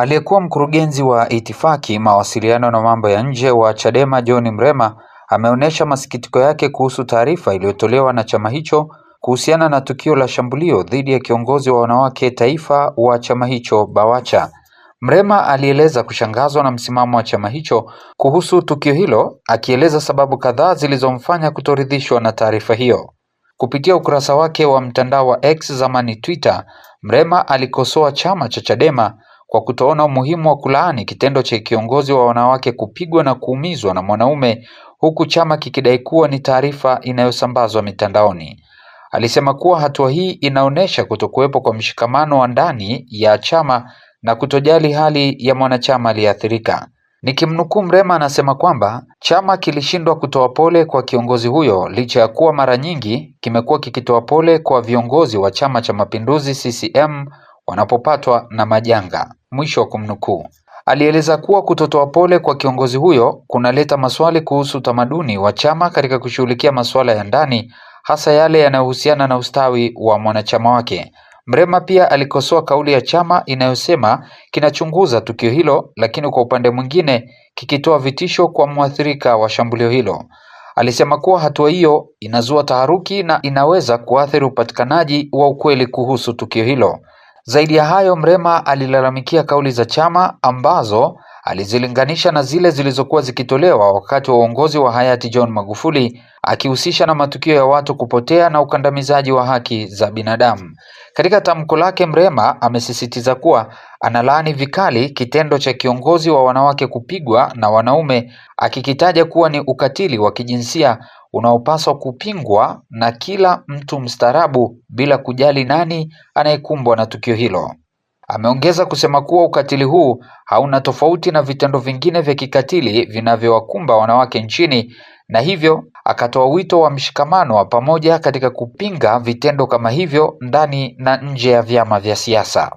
Aliyekuwa mkurugenzi wa itifaki, mawasiliano na mambo ya nje wa Chadema John Mrema ameonyesha masikitiko yake kuhusu taarifa iliyotolewa na chama hicho kuhusiana na tukio la shambulio dhidi ya kiongozi wa wanawake taifa wa chama hicho Bawacha. Mrema alieleza kushangazwa na msimamo wa chama hicho kuhusu tukio hilo, akieleza sababu kadhaa zilizomfanya kutoridhishwa na taarifa hiyo. Kupitia ukurasa wake wa mtandao wa X zamani Twitter, Mrema alikosoa chama cha Chadema kwa kutoona umuhimu wa kulaani kitendo cha kiongozi wa wanawake kupigwa na kuumizwa na mwanaume huku chama kikidai kuwa ni taarifa inayosambazwa mitandaoni. Alisema kuwa hatua hii inaonyesha kutokuwepo kwa mshikamano wa ndani ya chama na kutojali hali ya mwanachama aliyeathirika. Nikimnukuu Mrema anasema kwamba chama kilishindwa kutoa pole kwa kiongozi huyo licha ya kuwa mara nyingi kimekuwa kikitoa pole kwa viongozi wa Chama cha Mapinduzi CCM wanapopatwa na majanga mwisho wa kumnukuu. Alieleza kuwa kutotoa pole kwa kiongozi huyo kunaleta maswali kuhusu utamaduni wa chama katika kushughulikia masuala ya ndani, hasa yale yanayohusiana na ustawi wa mwanachama wake. Mrema pia alikosoa kauli ya chama inayosema kinachunguza tukio hilo, lakini kwa upande mwingine kikitoa vitisho kwa mwathirika wa shambulio hilo. Alisema kuwa hatua hiyo inazua taharuki na inaweza kuathiri upatikanaji wa ukweli kuhusu tukio hilo. Zaidi ya hayo Mrema alilalamikia kauli za chama ambazo alizilinganisha na zile zilizokuwa zikitolewa wakati wa uongozi wa hayati John Magufuli, akihusisha na matukio ya watu kupotea na ukandamizaji wa haki za binadamu. Katika tamko lake, Mrema amesisitiza kuwa analaani vikali kitendo cha kiongozi wa wanawake kupigwa na wanaume, akikitaja kuwa ni ukatili wa kijinsia unaopaswa kupingwa na kila mtu mstaarabu bila kujali nani anayekumbwa na tukio hilo. Ameongeza kusema kuwa ukatili huu hauna tofauti na vitendo vingine vya kikatili vinavyowakumba wanawake nchini na hivyo akatoa wito wa mshikamano wa pamoja katika kupinga vitendo kama hivyo ndani na nje ya vyama vya siasa.